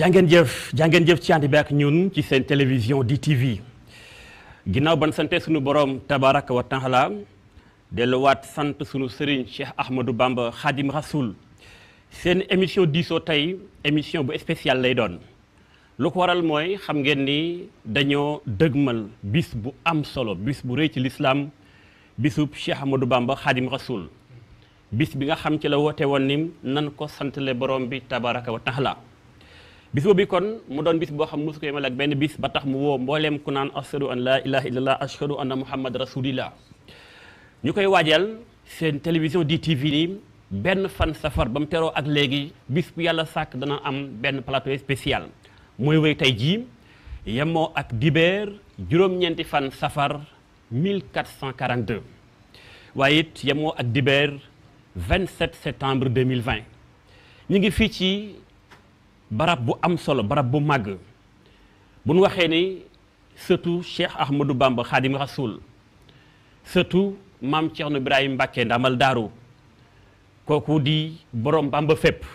jàngeen jëf jàngeen jëf ci ànd bi ak ñun ci seen di DTV ginnaaw ban sante suñu borom tabaraka wa taala delluwaat sant sunu sëriñ Cheikh Ahmadou Bamba Khadim Rasoul seen émission diisoo tey émission bu spéciale lay doon lu ko waral mooy xam ngeen ni dañoo dëgmal bis bu am solo bis bu rëy ci lislaam bisub Cheikh Ahmadou Bamba Khadim Rasoul bis bi nga xam ci la woote woon ni nan ko santale borom bi tabaraka wa taala bis boobu kon mu doon bis boo xam mosu ko yemal ak benn bis ba tax mu woo mbooleem ku naan ashadu an laa ilaha illallah ashadu anna muhammad rasulillah ñu koy waajal seen télévision DTV nii benn fan safar ba mu teroo ak léegi bis bu yàlla sàkk dana am benn plateau spécial mooy wéy tey jii yemoo ak dibeer juróom-ñeenti fan safar 1442 waaye it yemoo ak dibeer 27 septembre 2020 ñu ngi fii ci barab bu am solo barab bu màgg bu nu waxee ni surtout Cheikh Ahmadou Bamba Khadim Rasoul surtout maam Thierno Ibrahim Mbacke ndamal daaru kooku di borom Bamba fépp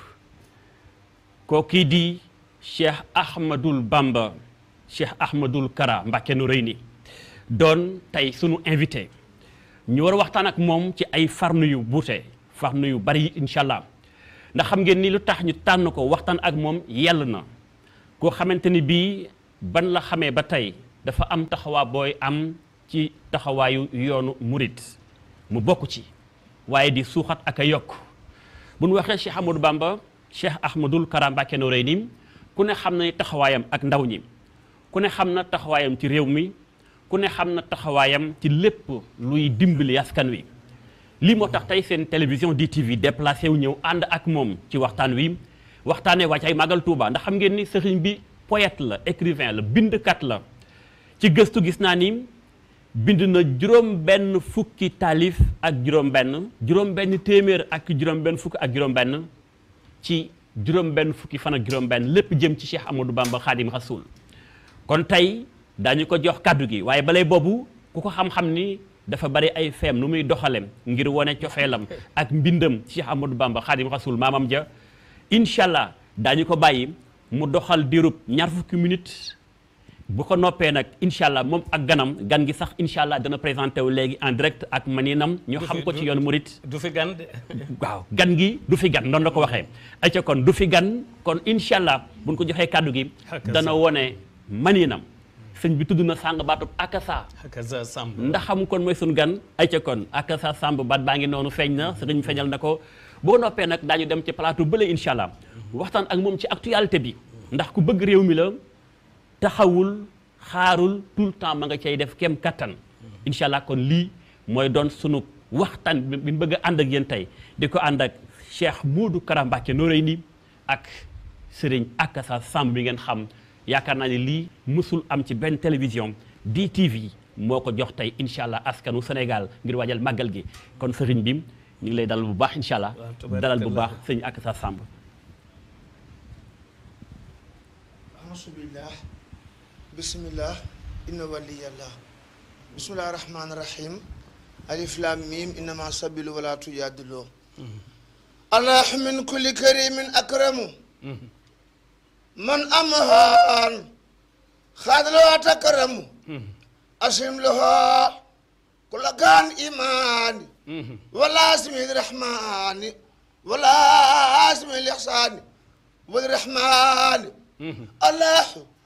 kooku di Cheikh Ahmadul Bamba Cheikh Ahmadul Kara Mbacke nu rëy ni doon tey sunu invité ñu war a waxtaan ak moom ci ay farnu yu buute farnu yu bari incha allah. ndax xam ngeen ni lu tax ñu tànn ko waxtaan ak moom yell na koo xamante ni bii ban la xamee ba tey dafa am taxawaa booy am ci taxawaayu yoonu murit mu bokk ci waaye di suuxat ak a yokk bu nu waxee Cheikh Amadou Bamba Cheikh Ahmadul Karam Mbacké Noreyni ku ne xam na taxawaayam ak ndaw ñi ku ne xam na taxawaayam ci réew mi ku ne xam na taxawaayam ci lépp luy dimbali askan wi lii moo tax tey seen télévision DTV déplacé wu ñëw ànd ak moom ci waxtaan wi waxtaanee wàcc ay Magal Touba ndax xam ngeen ni sëriñ bi poète la écrivain la bind kat la ci gëstu gis naa ni bind na juróom-benn fukki taalif ak juróom-benn juróom-benn téeméer ak juróom-benn fukki ak juróom-benn ci juróom-benn fukki fan ak juróom lépp jëm ci Cheikh Amadou Bamba Khadim Rasoul kon tey daañu ko jox kàddu gi waaye balay boobu ku ko xam-xam ni. dafa bari ay feem nu muy doxalem ngir wane cofeelam ak mbindam Cheikh Amadou Bamba Xaadim Rasul maamam ja incha allah daañu ko bàyyi mu doxal diirub ñar fukki minutes bu ko noppee nag incha allah moom ak ganam gan gi sax incha allah dana présenté wu léegi en direct ak maniinam ñu xam ko ci yoon murit du fi gan waaw gan gi du fi gan noonu la ko waxee ayca kon du fi gan kon incha allah buñ ko joxee kàddu gi dana wone maninam sëñ bi tudd na sàng baatub akasa akasa sàmb ndax xam kon mooy suñ gan ay ca kon akasa sàmb baat baa ngi noonu feeñ na sëriñ feeñal na ko boo noppee nag daañu dem ci palaatu bële incha waxtaan ak moom ci actualité bi ndax ku bëgg réew mi la taxawul xaarul tout le temps ma nga cay def kem kattan incha kon lii mooy doon sunu waxtaan bi bëgg ànd ak yéen tey di ko ànd ak Cheikh Modou Kara Mbacké nii ak sëriñ Akasa Samb bi ngeen xam yaakaar naa ne lii mësul am ci benn télévision DTV moo ko jox tey incha allah askanu senegal ngir waajal màggal gi kon sëriñ bi ñu ngi lay dalal bu baax incha allah dalal bu baax sëñ a sa sàmb asubillah bismillah inna waliyallah bismillahi mm-hmm. allah min kulli karimin akramu mm-hmm. من أمهان خذلها تكرم أشم لها كل كان إيمان ولا اسم الرحمن ولا اسم الإحسان والرحمن الله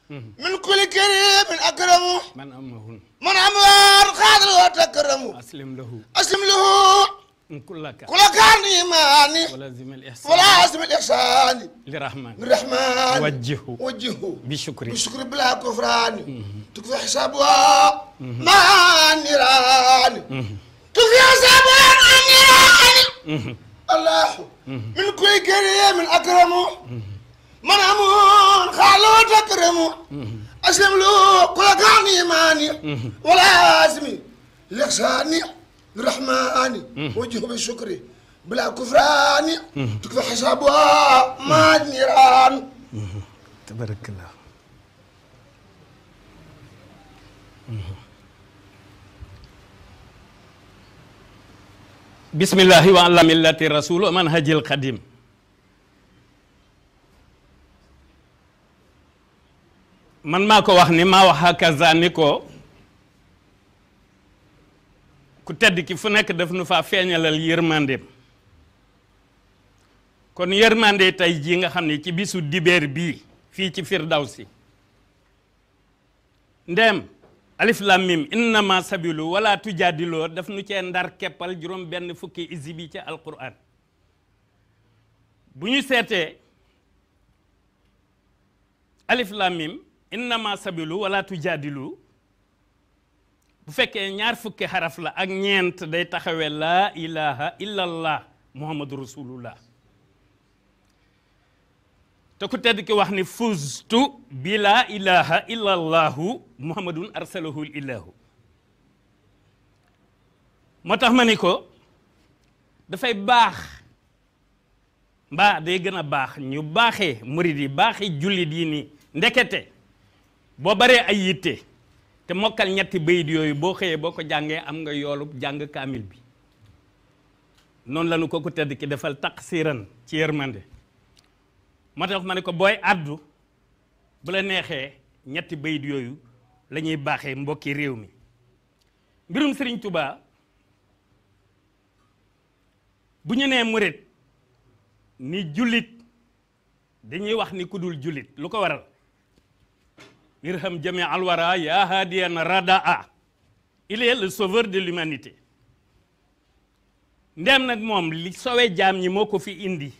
من كل كريم أكرم من أمهن من أمهان خذلها تكرم أسلم له أسلم له kulaka kulakaan imaani wala azim al ihsaani lirahman lirahman wajjihu wajjihu bishukri bishukri bila kufraani tukfi hisabuha maaniraani tukfi hisabuha maaniraani allahu min kulli karimin akramu man amun xaalo takramu aslim lu kulakaan imaani wala azim al ihsaani rahmaani hmm. wajhu bi shukri bila kufraani tukfa xisaabuha maa niiraan tabarakallah bismillahi wa ala millati rasul manhajil qadim man maa ko wax ni maa wax hakaza ni ko ku tedd ki fu nekk daf nu faa feeñalal yërmandeem kon yërmande tey jii nga xam ne ci bisu dibeer bii fii ci firdawsi ndeem alif lam mim innama sabilu wala tujaadiloo daf nu ci ndar keppal juróom benn fukki isib yi ci alquran seetee alif lam mim innama sabilu wala tujaadilu bu fekkee ñaar fukki xaraf la ak ñeent day taxawee laa ilaha illallah muhammadu rasulullah te ku tedd ki wax ni fuztu bi laa ilaha illallahu muhammadun arsalahu illahu moo tax ma ni ko dafay baax mbaa day gën a baax ñu baaxee murid yi baaxee jullit yi nii ndekete boo baree ay yitte te mokkal ñetti bayit yooyu boo xëyee boo ko jàngee am nga yoolub jàng kaamil bi noonu lañu ko ko tëdd ki defal taqsiran ci yërmande moo tax ma ne ko booy addu bu la neexee ñetti bayit yooyu lañuy baaxee mbokki réew mi mbirum Sëriñ Tuubaa bu ñu nee murit ni jullit dañuy wax ni ku dul jullit lu ko waral irham jami alwara ya hadiyan radaa il est sauveur de l'humanité ndem nag moom li sowe jaam yi moo ko fi indi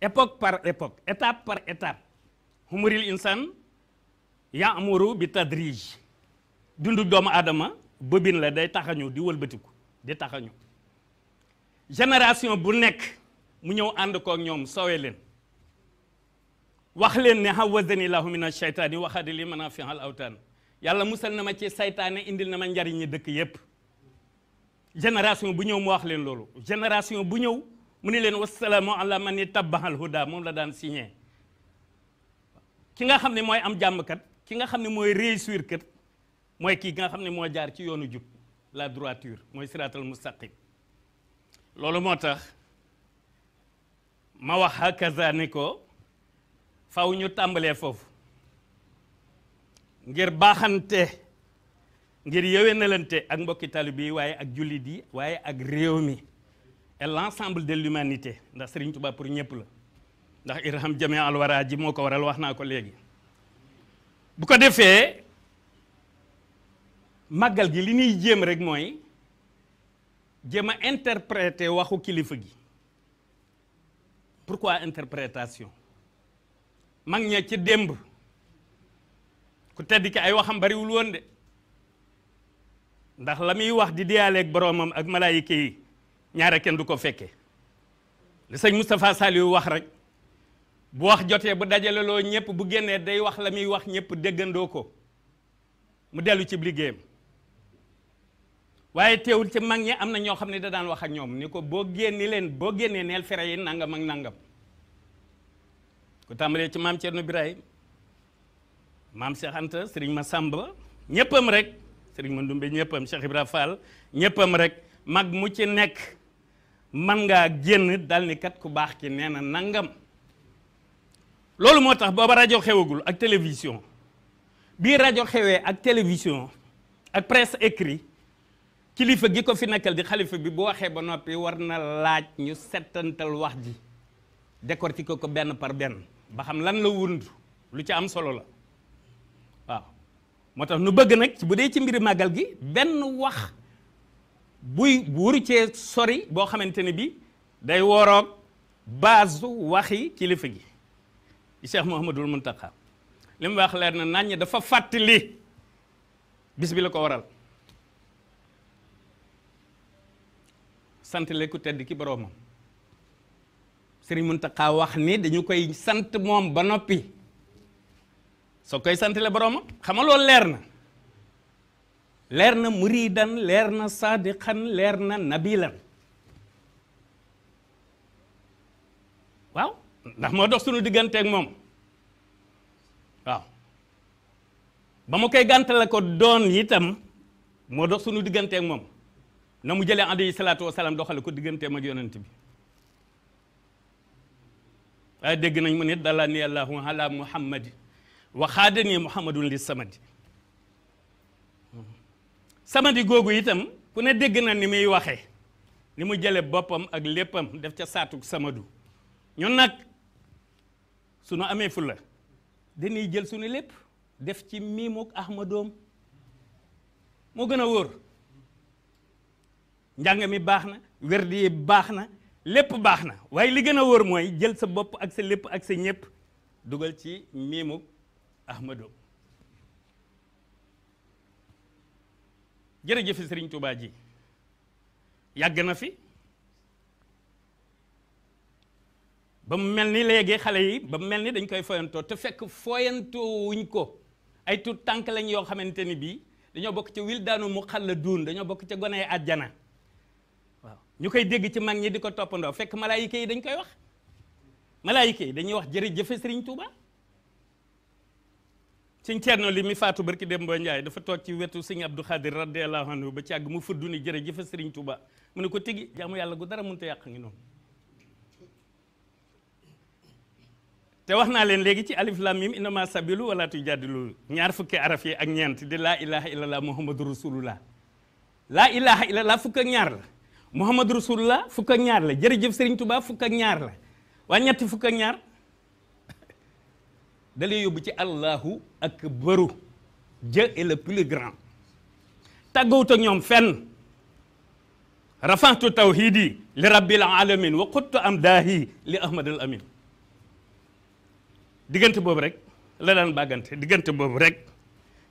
époque par époque étape par étape humuril insan yaamuru bi tadrij dundu doomu aadama bobine la day taxañu di wëlbatiku di taxañu génération bu nekk mu ñëw ànd kook ñoom sowe leen wax leen ne hawazani lahu min asheytaani waxaadi a fi al awtaan yàlla musal na ma ci saytaane indil na ma njariñi dëkk yépp génération bu ñëw mu wax leen loolu génération bu ñëw mu ni leen wasalaamu ala man itabahal huda moom la daan signé ki nga xam ne mooy am jàmmkat ki nga xam ne mooy réussir kat mooy kii nga xam ne moo jaar ci yoonu jub la droiture mooy siraatal mustaqim loolu moo tax ma wax hakaza ni ko faw ñu tàmbalee foofu ngir baaxante ngir nelante ak mbokki taalibe yi waaye ak jullit yi waaye ak réew mi et l'ensemble de l'humanité ndax Serigne Touba pour ñëpp la ndax irham jami alwara ji moo ko waral wax naa ko léegi bu ko defee màggal gi li ñuy jéem rek mooy jéem a interpréter waxu kilifa gi pourquoi interprétation mag ña ci démb ku tedd ki ay waxam bariwul woon de ndax la muy wax di diyaaleeg boroomam ak malaayika yi ñaare kenn du ko fekke li sëñ Moustapha Saliou wax rek bu wax jotee bu dajaleloo ñépp bu génnee day wax la muy wax ñépp dëggandoo ko mu dellu cib liggéeyam waaye teewul ci mag ñi am na ñoo xam ne da daan wax ak ñoom ni ko boo génni leen boo génnee neel fere yi nangam ak nangam bu tàmbalee ci maam Thierno Birahim maam Cheikh Anta Serigne Massamba ñëppam rek Serigne Mandoumbe ñëppam Cheikh Ibra Fall ñëppam rek mag mu ci nekk man ngaa génn dal ni kat ku baax ki nee na nangam loolu moo tax booba rajo xewagul ak télévision bii rajo xewee ak télévision ak presse écrit kilifa gi ko fi nekkal di xalifa bi bu waxee ba noppi war na laaj ñu settantal wax ji décortiquer ko benn par benn ba xam lan la wund lu ci am solo la waaw moo tax nu bëgg nag bu dee ci mbiri màggal gi benn wax buy wuru sori boo xamante ne bi day woroog base waxi kilifa gi Cheikh Mouhamadul Muntaqa li mu wax leer na naññ dafa fàttali bis bi la ko waral sant le ku tedd ki boroomam mun Muntaxa wax ni dañu koy sant moom ba noppi soo koy sant la boroomam xam nga loolu leer na leer na muridan leer na sadiqan leer na nabilan waaw ndax moo dox suñu digganteek moom waaw ba mu koy gàntale ko doon itam moo dox suñu digganteek moom na mu jëlee alayhi salaatu wasalaam doxale ko digganteem ak yonant bi waaye dégg nañ mu ne dala ni allahu ala muhammadi waxaade ni muhammadun li samadi samadi googu itam ku ne dégg na ni muy waxe ni mu jële boppam ak léppam def ca saatuk samadu ñun nag sunu amee fulla dañuy jël sunu lépp def ci miimuk ahmadoom moo gën a wóor njàng mi baax na werd yi baax na lépp baax na waaye li gën a wóor mooy jël sa bopp ak sa lépp ak sa ñépp dugal ci miimu Ahmadu jërëjëf Sëriñ Tuubaa ji yàgg na fi ba mu mel ni léegi xale yi ba mu mel ni dañ koy foyantoo te fekk foyantoo wuñ ko ay tuut tànk lañ yoo xamante ni bii dañoo bokk ca mu wildaanu muxalladuun dañoo bokk ca gone àjjana ñu koy dégg ci mag ñi di ko toppandoo fekk malaayika yi dañ koy wax malaayika yi dañuy wax jërëjëfe sëriñ Touba sëñ Cerno li mi faatu barki Demba Njaay dafa toog ci wetu sëñ Abdou Khadir radiyallahu ba ci àgg mu fuddu ni jërëjëfe sëriñ Touba mu ne ko tigi jaamu yàlla gu dara mënut a yàq ngi noonu te wax naa leen léegi ci alif lam mim innama sabilu wala tujadilu ñaar fukki araf yi ak ñeent di laa ilaha illallah muhammadu rasulullah laa ilaha illallah fukk ñaar la Muhammad la fukk ak ñaar la jërëjëf Serigne Touba fukk ak ñaar la waa ñetti fukk ak ñaar da lay yóbbu ci Allahu akbaru Dieu est le plus grand tàggawut ak ñoom fenn rafatu tawhidi li rabbil alamin wa quttu amdaahi li ahmad al amin diggante boobu rek la daan bàggante diggante boobu rek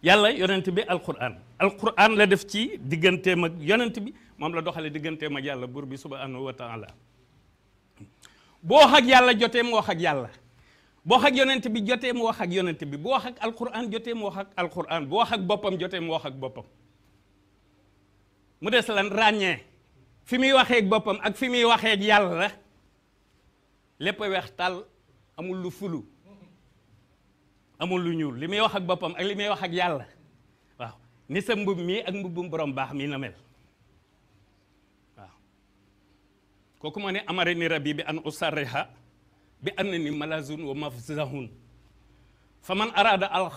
yàlla yonent bi alquran alquran la def ci digganteem ak yonent bi moom la doxale digganteem ak yàlla buur bi subhanahu wa taala boo wax ak yàlla jotee mu wax ak yàlla boo wax ak yonent bi jotee mu wax ak yonent bi boo wax ak alquran jotee mu wax ak alquran boo wax ak boppam jotee mu wax ak boppam mu des lan ràññee fi muy waxee boppam ak fi muy waxee yàlla lépp weex tàll amul lu fulu amul lu ñuul li may wax ak boppam ak li may wax ak yàlla waaw ni sa mbubb mii ak mbubbum borom baax mii na mel waaw kooku moo ne amare ni rabbi bi an usarriha bi an ni malazun wa mafzahun fa man araada al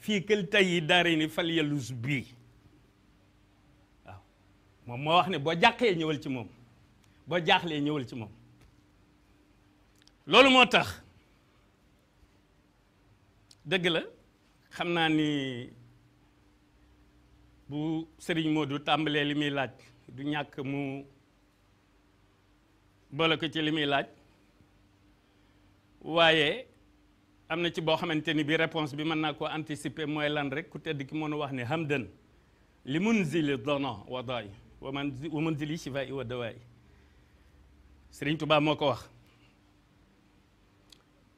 fii kël tay yi ni fal yalus bii waaw moom moo wax ne boo jàqee ñëwal ci moom boo jaaxlee ñëwal ci moom loolu moo tax dëgg la xam naa ni bu sëriñ Modou tàmbalee li muy laaj du ñàkk mu boole ko ci li muy laaj waaye am na ci boo xamante ni bi réponse bi mën naa koo anticiper mooy lan rek ku tedd ki mënu wax ne hamdan li munzili dono wadaay wa munzili shifaa i wa dawaay sëriñ Tuubaa moo ko wax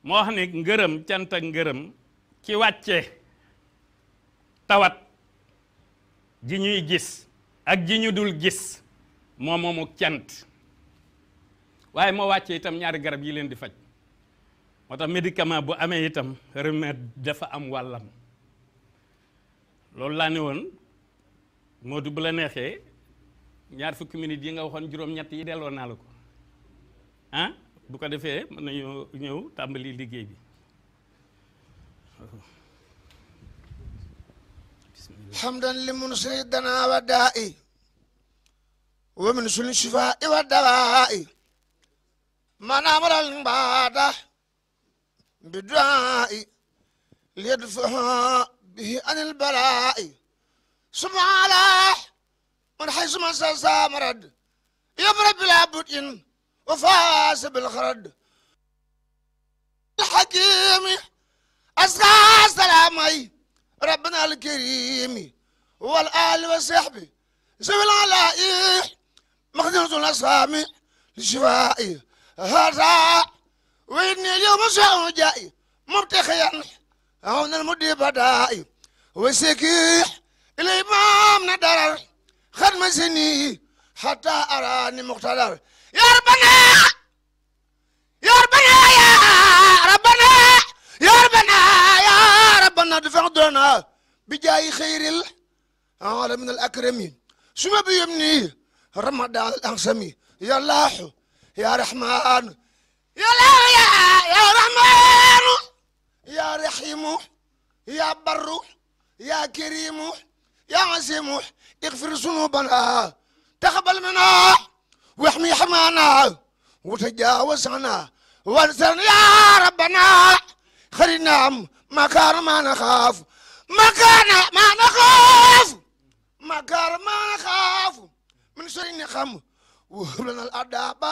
moo wax ne ngërëm cant ngërëm ki wàcce tawat ji ñuy gis ak ji ñu dul gis moo cant waaye moo wàcce itam ñaari garab yi leen di faj moo tax médicament bu amee itam remède dafa am wàllam loolu laa ne woon moo du bu la neexee ñaar fukki minutes yi nga waxoon juróom-ñett yi delloo naa la ko ah bu ko defee mën nañoo ñëw tàmbali liggéey bi حمدا لمن سيدنا ودائي ومن سن الشفاء والدواء من أمر العبادة بدعاء ليدفع به عن البلاء ثم على من حيث من سامرد يبرد بلا بدء وفاس بالخرد الحكيم أصغى سلامي ربنا الكريم والآل والصحب زوي العلائح مخدرة الأسامي لشفائي هذا وإني اليوم سأجائي مبتخيا هون المدي بدائي وسكيح الإمام ندرر خدم سني حتى أراني مقتدر يا ربنا bi jaayi xayril alamin al akramin suma bi yum nii ramadan al ansami ya laahu ya rahman ya laahu ya ya rahman ya rahimu ya barru ya karimu ya azimu اغفر ذنوبنا تقبل منا واحمي حمانا وتجاوز عنا وانصرنا يا ربنا خلينا ما كان ما نخاف makaana maa na xaafu maa na xaafu min sëriñ ne xam wóob lanal adaba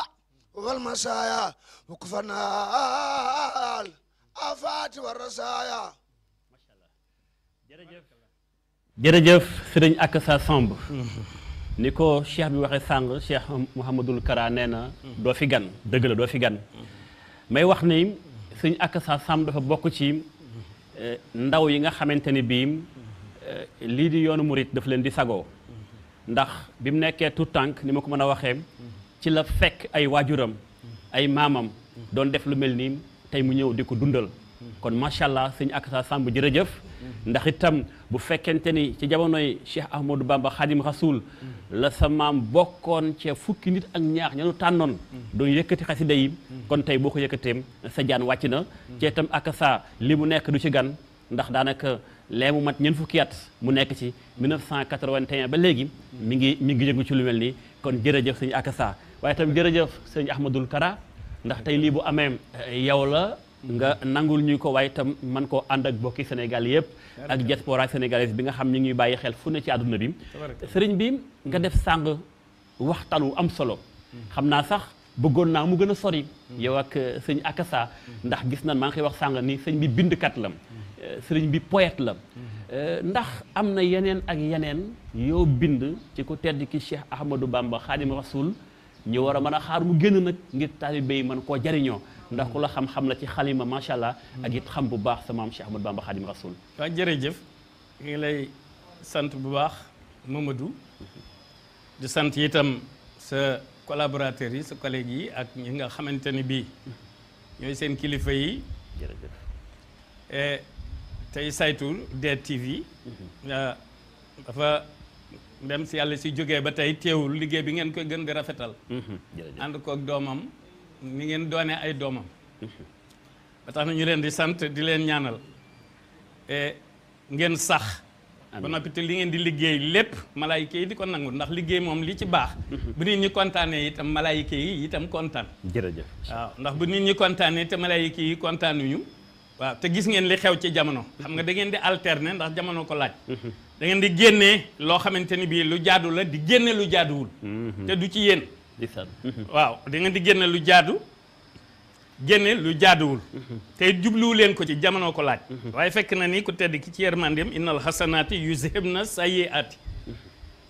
wal masaya wa kufanaal afaati wa rasaya jërëjëf jërëjëf sëriñ ak sa somb mm-hmm. ni ko cheikh bi waxee sàng cheikh mouhamadul kara doo fi gan dëgg la doo fi gan mm-hmm. may wax ni sëriñ ak sa dafa bokk ci Eh, ndaw yi nga xamante ni biim eh, lii di yoonu murit daf leen di sagoo ndax bi mu nekkee tout tànk ni ma ko mën a waxee ci la fekk ay waajuram ay maamam doon def lu mel nii tey mu ñëw di ko dundal kon macha allah sëñ Akasa Samb jërëjëf ndax itam bu fekkente ni ci jamonoy Cheikh Ahmadou Bamba Khadim Rasoul la sa maam bokkoon ci fukki nit ak ñaax ñanu tànnoon doon yëkkati xasida yi kon tey boo ko yëkkateem sa jaan wàcc na ci itam ak sa li mu nekk du ci gan ndax daanaka lee mu mat ñeent fukki at mu nekk ci 1981 ba léegi mi ngi mi ngi ci lu mel nii kon jërëjëf sëñ ak sa waaye itam jërëjëf sëñ Ahmadul Kara ndax tey lii bu amee yow la nga nangul ñu ko waaye itam man koo ànd ak bokki Sénégal yëpp ak diaspora sénégalaise bi nga xam ñu ngi bàyyi xel fu ne ci àdduna bi sëriñ bi nga def sàng waxtaan am solo hmm. xam naa sax bëggoon naa mu gën a sori yow ak euh, sëñ akasa ndax gis nañ maa ngi koy wax sàng ni sëñ bi bindkat la euh, sëriñ bi poète la euh, ndax am na yeneen ak yeneen yoo bind ci ku tedd ki Cheikh Ahmadou Bamba Xaadim Rasul ñu war a mën a xaar mu génn nag ngir taalibe yi mën koo jariñoo ndax ku la xam-xam la ci xalima macha allah ak it xam bu baax sa maam Cheikh Ahmadou Bamba Xaadim Rasul waaw jërëjëf ñu ngi lay sant bu baax Mamadou di sant itam collaborateurs yi sa collègues yi ak ñi nga xamante ni bii ñooy seen kilifa yi. jërëjëf eh, tey saytu DTV. Mm-hmm. Ah, dafa dem si yàlla si jógee ba tey teewul liggéey bi ngeen koy gën nga rafetal. Mm-hmm. ànd koog doomam ni ngeen doonee ay doomam. Mm-hmm. ba tax na ñu leen di sant di leen ñaanal eh, ngeen sax. ba noppi te li ngeen di liggéey lépp malaayika yi di ko nangu ndax liggéey moom li ci baax mhm. bu nit ñi kontaanee itam malaayika yi itam kontaan jërëjëf waaw ndax bu nit ñi kontaanee te malaayika yi kontaanuñu waaw te gis ngeen li xew ci jamono xam nga da ngeen di alterner ndax jamono ko laaj mhm. da ngeen di génnee loo xamante ni bii lu jaadu la di génne lu jaaduwul mhm. te du ci yéen waaw da di génne lu jaadu génne lu jaaduwul tey jubluwu leen ko ci jamono ko laaj waaye fekk na ni ku tedd ki ci yërmandeem innal xasanaati yuzhibna sayyiati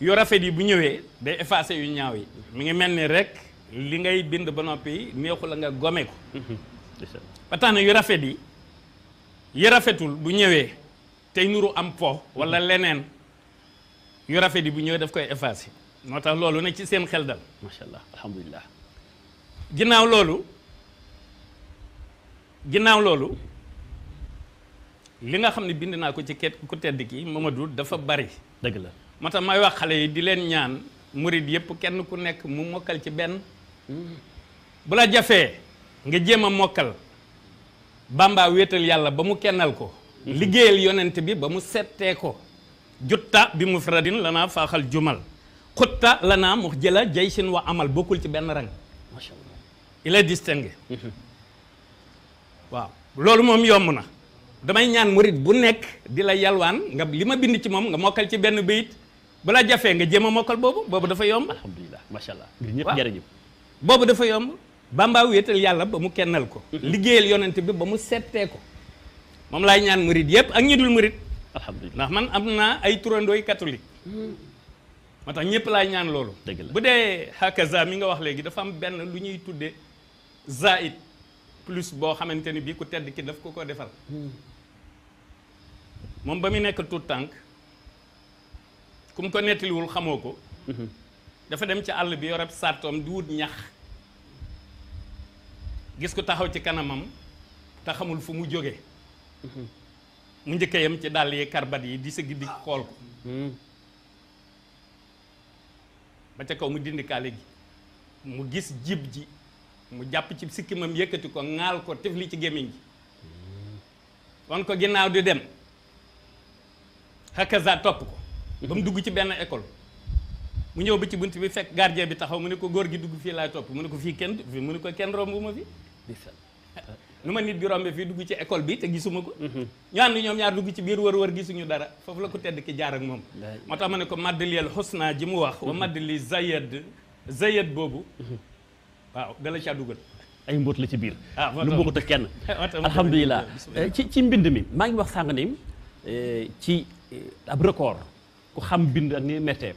yu rafet yi bu ñëwee day effacé yu ñaaw yi mi ngi mel ni rek li ngay bind ba noppi neexu la nga gome ko ba tax yu rafet yi yu rafetul bu ñëwee tey nuru am po wala leneen yu rafet yi bu ñëwee daf koy effacé moo tax loolu ne ci seen xel dal macha allah alhamdulilah ginnaaw loolu ginnaaw loolu li nga xam ne bind naa ko ci ket ku tedd ki Mamadou dafa bari dëgg la moo tax may wax xale yi di leen ñaan murid yépp kenn ku nekk mu mokkal ci benn bu la jafee nga jéem a mokkal Bamba wéetal yàlla ba mu kennal ko liggéeyal yonent bi ba mu settee ko jutta bi mufradin lanaa faaxal jumal xutta lanaa mux jëla jaysin wa amal bokkul ci benn rang macha allah il waaw loolu moom yomb na damay ñaan murit bu nekk di la yalwaan nga li ma bind ci moom nga mokkal ci benn bayit balaa jafee nga jéem a mokkal boobu boobu dafa yomb alhamdulilah macha allah ngir ñëpp jërëjëf boobu dafa yomb bamba wéetal yàlla ba mu kennal ko mhm. liggéeyal yonent bi ba mu settee ko moom laay ñaan murit yëpp ak ñi dul marit ndax man am naa ay turandooy catholique mhm. moo tax ñëpp laay ñaan loolu dëgg la bu dee hakaza mi nga wax léegi dafa am benn lu ñuy tudde zaid plus boo xamante ni bii ku tedd ki daf ko ko defal hmm. moom ba muy nekk tout tànk ku mu ko nettaliwul xamoo ko hmm. dafa dem ci àll bi yoreb sàrtoom di wut ñax gis ko taxaw ci kanamam te xamul fu mu jóge hmm. mu njëkk yam ci dàll yi karbat yi di sëgg di xool ko ba ca kaw mu dindi kaale gi mu gis jib ji mu jàpp ci sikkimam yëkkati ko ŋaal ko tifli ci gémmiñ gi wan ko ginnaaw di dem hakaza topp ko ba mu dugg ci benn école mu ñëw bi ci bunt bi fekk gardien bi taxaw mu ne ko góor gi dugg fii laay topp mu ne ko fii kenn fi mu ne ko kenn romb ma fi lu ma nit di rombe fii dugg ci école bi te gisuma ko mhm. ñu ànd ñoom ñaar dugg ci biir wër wër gisuñu dara foofu la ko tedd ki jaar ak moom moo tax ma ne ko maddaliyal xusna ji mu wax wa mhm. maddali zayed zayed boobu mhm. waaw dala caa dugal. ay mbóot la ci biir. Ah, lu bokkut ak kenn. alhamdulilah eh, ci ci mbind mi maa ngi wax sàng ni eh, ci eh, ab record ku xam bind ak ni méttee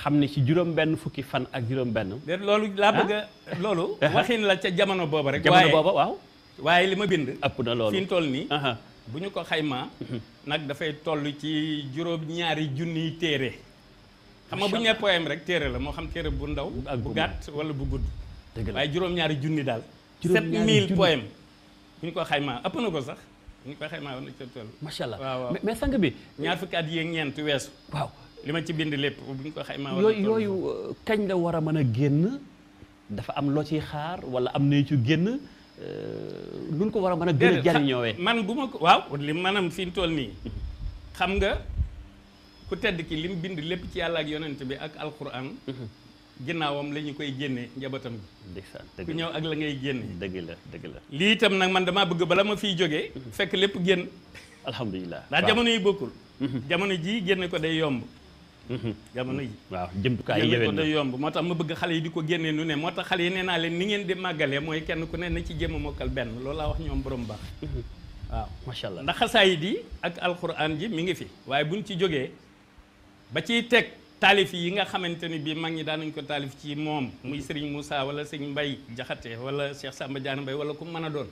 xam ne ci juróom-benn fukki fan ak juróom-benn. loolu laa bëgg ah? loolu. waxin la ca jamono booba rek. jamono booba waaw. waaye li ma bind. ëpp na loolu fi mu nii. bu ñu ko xaymaa. Mhm. nag dafay toll ci juróom-ñaari junniy téere. xam nga bu ñu rek téere la moo xam téere bu ndaw. ak bu gàtt wala bu gudd. waaye juróom-ñaari junni daal. set ñaari junni 7000 poèmes. ko xaymaa ëpp na ko sax bu ñu ko xaymaa woon na ca tool. macha allah waaw mais sang bi. ñaar fukki at yeeg ñeent weesu. waaw li ma ci bind lépp bu ñu ko xaymaa. woon euh, kañ la war a mën a génn am loo ciy xaar wala am na ci génn. luñ euh, ko war a mën a gën a jariñoowee man bu ma ko waaw li maanaam fii mu toll nii xam nga ku tedd ki li mu bind lépp ci yàlla ak yonent bi ak alquran mm-hmm. ginnaawam la ñu koy génnee njabatam gi ku ñëw ak la ngay génne dëgg la dëgg la lii itam nag man damaa bëgg bala ma fiy jógee fekk lépp génn alhamdulilah ndax jamono yi bokkul mhm. jamono jii génne ko day yomb mhm. jamono ji waaw jëmtukaay yi ko day yomb moo tax ma bëgg xale yi di ko génnee nu ne moo tax yi nee naa leen ni ngeen di màggalee mooy kenn ku ne na ci jéem a mokkal benn loolu laa wax ñoom borom baax mhm. waaw macha allah ndax xasaayid yi ak alquran ji mi ngi fi waaye buñ ci jógee ba ciy teg taalif yi nga xamante ni bii mag ñi daanañ ko taalif ci moom muy Serigne Moussa wala Serigne mbay Jaxate wala Cheikh Samba Diagne mbay wala ku mën a doon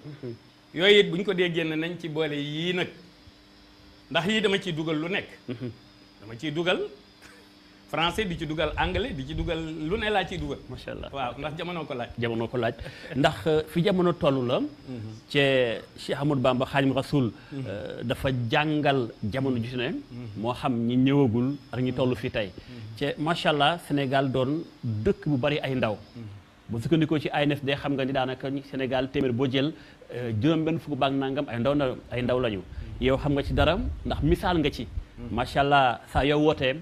yooyu it buñ ko dee génn nañ ci boole yii nag ndax yii dama ciy dugal lu nekk mhm. dama ciy dugal français di ci dugal anglais di ci dugal lu ne laa ciy dugal. macha allah waaw ndax jamono ko laaj. jamono ko laaj ndax euh, fi jamono tollu la. Mhm. ci Cheikh Ahmadou Bamba Xaadimu Rasuul mhm. euh, dafa jàngal jamono ju mhm. moo xam ñi ñëwagul ak ñi toll fii tey. ci macha allah Sénégal doon dëkk bu bari ay ndaw. bu sukkandikoo ci ANFD xam nga ni daanaka Sénégal téeméer boo jël euh, juróom benn fukk baag nangam ay ndaw ay ndaw lañu. yow xam nga ci dara ndax misaal nga ci. macha allah saa yoo wootee.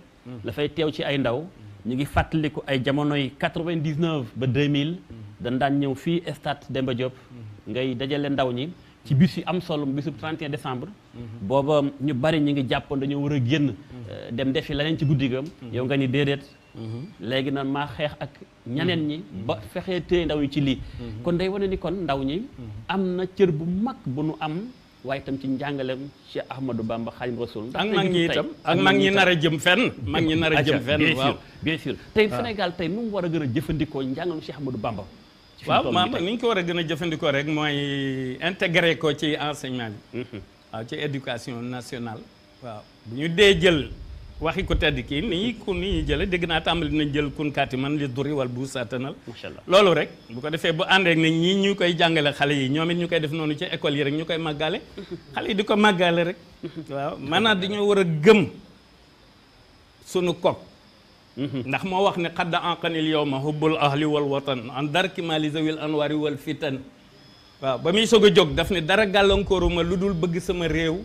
dafay teew ci ay ndaw ñu ngi fàttaliku ay jamonoy 99 ba 2000 dañ daan ñëw fii stade Demba Diop ngay dajale ndaw ñi ci bis yu am solo bisub 31 décembre booba ñu bari ñu ngi jàppoon dañoo war a génn mm-hmm. dem defi leneen ci guddi gam mm-hmm. yow nga ni déedéet mm-hmm. léegi nag maa xeex ak ñaneen ñi ba fexee téye ndaw ñi ci lii kon day wane ni kon ndaw ñi am na cër bu mag bu nu am waaye itam ci njàngaleem Cheikh Ahmadou Bamba Xaadimu Rasuul. ak mag ñi ak mag ñi nar a jëm fenn. mag ñi nar a waaw bien sûr tey ah. Sénégal tey nu war a gën a jëfandikoo njàngaleem Cheikh Ahmadou Bamba. ci waaw maanaam ni ñu ko war a gën a jëfandikoo rek mooy intégré ko ci enseignement bi. Mhm. waaw ci éducation national waaw bu ñu dee jël. waxi ko tedd kii nii ku ni ñuy jële dégg naa tàmbali nañ jël kun kaati man li duri wal bu saatanal loolu rek bu ko defee bu ànd rek ne ñi ñu koy jàngale xale yi ñoomit ñu koy def noonu ci école yi rek ñu koy màggale xale yi di ko màggale rek waaw maanaam dañoo war a gëm sunu kopp ndax moo wax ne xadda anqanil yow ma hubbul ahli wal watan an darki malisawil anwari wal fitan waaw ba muy soog a jóg daf ne dara gàllankooruma lu dul bëgg sama réew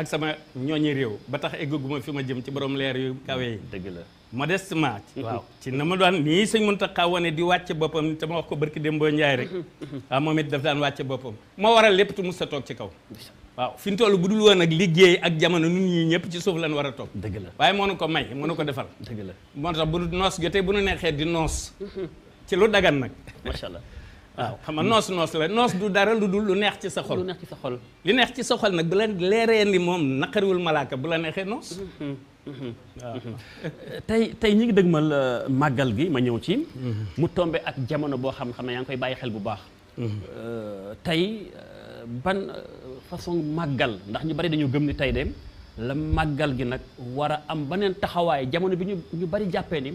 ak sama ñooñi réew ba tax ma fi ma jëm ci borom leer yu kawe yi. dëgg la modestement. waaw ci na ma daan nii sëñ Mountakha wane di wàcce boppam te ma wax ko barki Dembo Ndiaye rek. waaw ah, moom it daf daan wàcce boppam. moo waral lépp tu musta toog ci kaw. waaw fi mu toll bu dul woon ak liggéey ak jamono nun ñi ñëpp ci suuf lañ war a toog. dëgg la waaye moo nu ko may moo nu ko defal. dëgg la moo tax bu noos jotee bu nu neexee di noos. ci lu dagan nag. macha waaw xam nga noos noos la noos du dara lu dul lu neex ci sa xol lu neex ci sa xol li neex ci sa xol nag bu la leeree ni moom naqariwul malaaka bu la neexee noos mm-hmm. Mm-hmm. Eh, tey tey ñi ngi dëgmal euh, màggal gi ma ñëw ci mm-hmm. mu tombe ak jamono boo xam xam ne yaa ngi koy bàyyi xel bu baax euh, tey euh, ban façon màggal ndax ñu bari dañu gëm ni tey de la màggal gi nag war a am beneen taxawaay jamono bi ñu ñu bari jàppee ni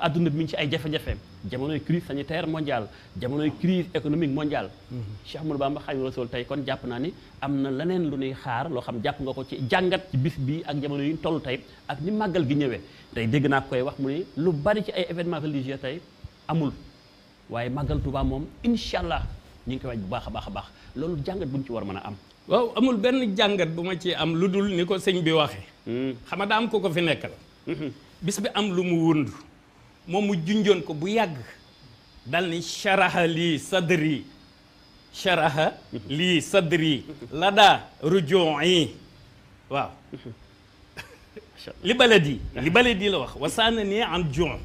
adduna bi mi ci ay jafe-jafe jamonoy crise sanitaire mondial jamonoy crise économique mondiale mhm. Cheikh Ahmadou Bamba Xaadimu Rasuul tey kon jàpp naa ni am na leneen lu nuy xaar loo xam jàpp nga ko ci jàngat ci bis bi ak jamono yi ñu toll tey ak ni màggal gi ñëwee tey dégg naa koy wax mu ne lu bari ci ay événement religieux tey amul waaye màggal Tuubaa moom incha allah ñu ngi koy waaj bu baax a baax a baax loolu jàngat bu ñu ci war mën a am waaw amul benn jàngat bu ma ci am lu dul ni ko sëñ bi waxee hmm. xam nga daa am ko fi nekkal hmm. bis am lu mu moom mu junjoon ko bu yàgg dal ni sharaha lii sadri sharaha lii sadri lada ruju'i waaw li baladi li baladi la wax wasaana ni an jon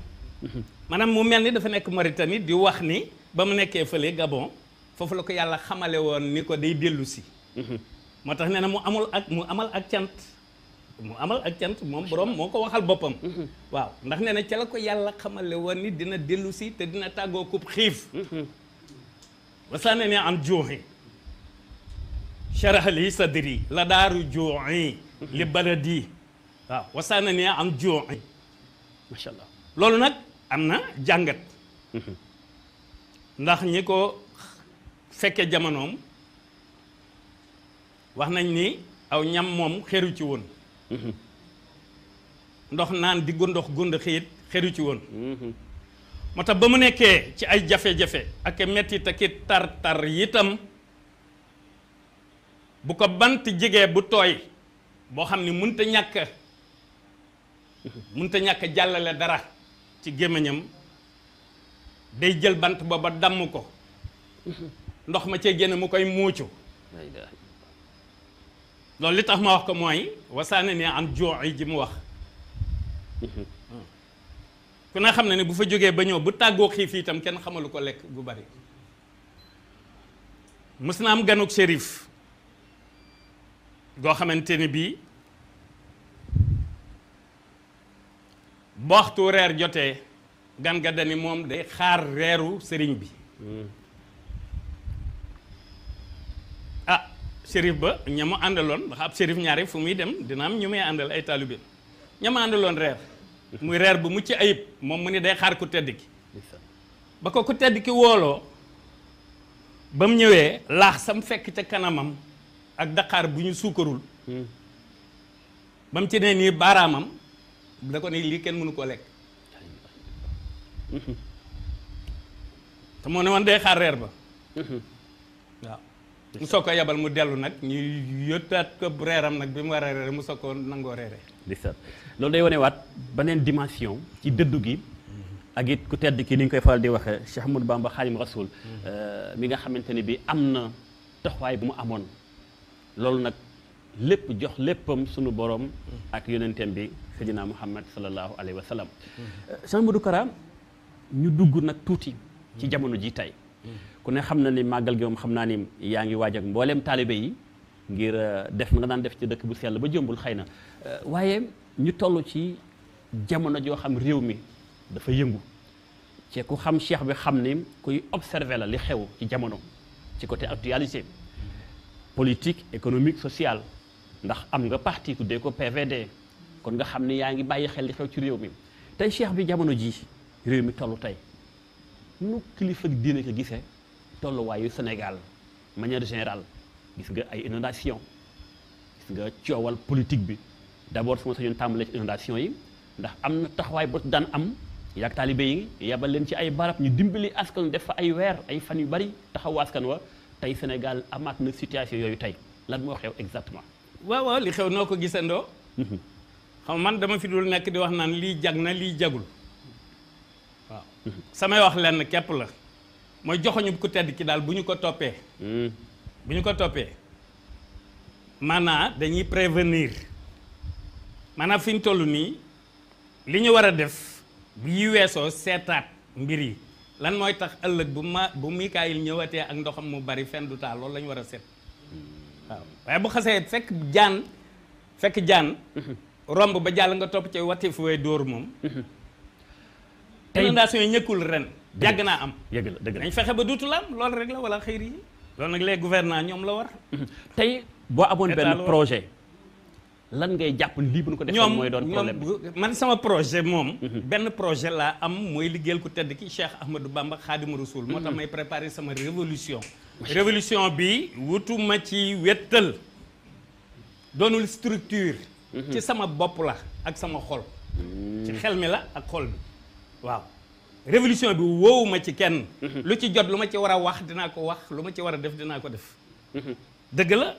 maanaam mu mel ni dafa nekk Mauritanie di wax ni ba mu nekkee fële Gabon foofu la ko yàlla xamale woon ni ko day dellu mhm. moo tax nee mu amul ak mu amal ak cant mu amal ak cant moom boroom moo ko waxal boppam waaw ndax ne na ca la ko yàlla xamale woon ni dina dellusi te dina tàggoo kub xiif wasaane ne am juuxi sharahli sadri la daaru juuxi li baradi waaw wasaane ne am juuxi allah loolu nag am na jàngat ndax ñi ko fekke jamonoom wax nañ ni aw ñam moom xeru ci woon ndox naan di gundox gund xeru ci woon mhm. moo tax ba mu nekkee ci ay jafe-jafe ak mettit ak tar-tar yitam bu ko bant jegee bu tooy boo xam ni mënta ñàkk mënta ñàkk jàllale dara ci gémmiñam day jël bant booba damm ko mhm. ndox ma cee génn mu koy muucu loolu li tax ma wax ko mooy wasaane ni am jooy ji mu wax ku ne xam ne ne bu fa jógee ba ñëw bu tàggoo xiif itam kenn xamalu ko lekk gu bari mës na am ganuk shérif goo xamante ni bii bu waxtu reer jotee gan ga dani moom day xaar reeru sëriñ bi mm. shérif ba ña mu àndaloon ndax ab shérif ñaari fu muy dem dina am ñu muy àndal ay taalibe ña mu àndaloon reer muy reer bu mucc ayib moom mu ni day xaar ku tedd ki ba ko ku tedd ki wooloo ba mu ñëwee laax sam fekk ca kanamam ak daqaar bu ñu suukarul ba mu ci nee nii baaraamam da ko ne lii kenn mënu koo lekk te moo ne woon day xaar reer ba waaw mu soo ko yebal mu dellu nag ñu yottaat ko reeram nag bi mu war a reere mu soog ko nangoo reere ndeysaan loolu day wane waat beneen dimension ci dëddu gi ak it ku tedd ki ni ñu koy faral di waxee Cheikh Ahmadou Bamba Xaadim Rasul euh, mi nga xamante ne bi am na taxawaay bu mu amoon loolu nag lépp jox léppam sunu boroom ak yonenteem bi Seydina Muhammad sallallahu alayhi wa sallam euh, Cheikh Ahmadou Kara ñu dugg nag tuuti ci jamono ji tey ku ne xam na ni màggal gi moom xam naa ni yaa ngi waaj ak mbooleem taalibe yi ngir euh, def nga daan def ci dëkk bu sell ba jëmbul xay na euh, waaye ñu toll ci jamono joo xam réew mi dafa yëngu ci ku xam cheikh bi xam ni kuy observé la li xew ci jamono ci côté actualité politique économique sociale ndax am nga parti tuddee ko PVD kon nga xam ni yaa ngi bàyyi xel li xew ci réew mi tey cheikh bi jamono ji réew mi toll tey nu kilifa diine ko gisee tolluwaayu Sénégal manière général gis nga ay inondation gis nga coowal politique bi d'abord su ma sañoon tàmbalee ci inondation yi ndax am na taxawaay ba daan am yaag taalibe yi yabal leen ci ay barab ñu dimbali askan def fa ay weer ay fan yu bari taxaw askan wa tey Sénégal amaat na situation yooyu tey lan moo xew exactement. waaw waaw li xew noo ko gisandoo. Mhm. xam man dama fi dul nekk di wax naan lii jag na lii jagul. waaw mhm. samay wax lenn képp la. mooy joxoñu ku tedd ki daal bu ñu ko toppee hmm. bu ñu ko toppee maanaa dañuy prévenir maanaam fi ñu toll nii li ñu war a def bi yu weesoo seetaat mbir yi lan mooy tax ëllëg bu ma bu Mikaayil ñëwatee ak ndoxam mu bari fenn du taal loolu la war a set waaw waaye bu xasee fekk jaan fekk jaan romb ba jàll nga topp ci watif way dóor moom hmm. inondation yi ñëkkul ren jàgg naa am yàgg la dëgg la dañ fexe ba duutul am loolu rek la wala xëyri yi loolu nag les gouvernants ñoom la war mhm. tey boo amoon benn projet lan ngay jàpp lii bu ñu ko defee mooy doon problème man sama projet moom mhm. benn projet laa am mooy liggéeyal ku tedd ki Cheikh Ahmadou Bamba Khadim Rasoul moo tax mhm. may prépare sama révolution révolution bi wutuma ci wettal doonul structure ci sama bopp la ak sama xol ci mm. xel mi la ak xol bi waaw révolution bi woowu ma ci kenn mhm. lu ci jot lu ma ci war a wax dinaa ko wax lu ma ci war a def dinaa ko def mhm. dëgg la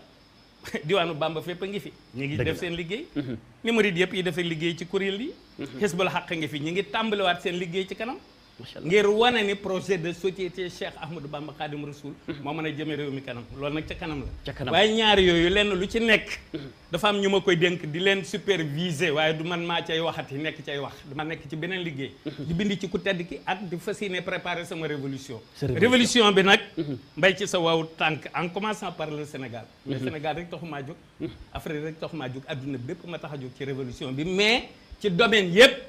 diwaanu Bamba fépp a ngi fi ñu ngi def seen liggéey mhm. ni murid yëpp yi defee liggéey ci kuréel yi la xaq ngi fi ñu ngi tàmbaliwaat seen liggéey ci kanam ngir wane ni projet de société Cheikh Ahmadou Bamba Khadim Rasoul hmm. moo mën a jëme réew mi kanam loolu nag ca kanam la waaye ñaari yooyu lenn lu ci nekk hmm. dafa am ñu ma koy dénk di leen superviser waaye du man maa wax cay yi nekk cay wax ma nekk ci beneen liggéey hmm. di bind ci ku tedd ki ak di fas yéene préparer sama révolution révolution bi nag mbay ci sa waaw tànk en commençant par Sénégal mais Sénégal rek taxu maa jóg Afrique rek taxu maa jóg adduna bépp ma tax a jóg ci révolution bi mais ci domaine yëpp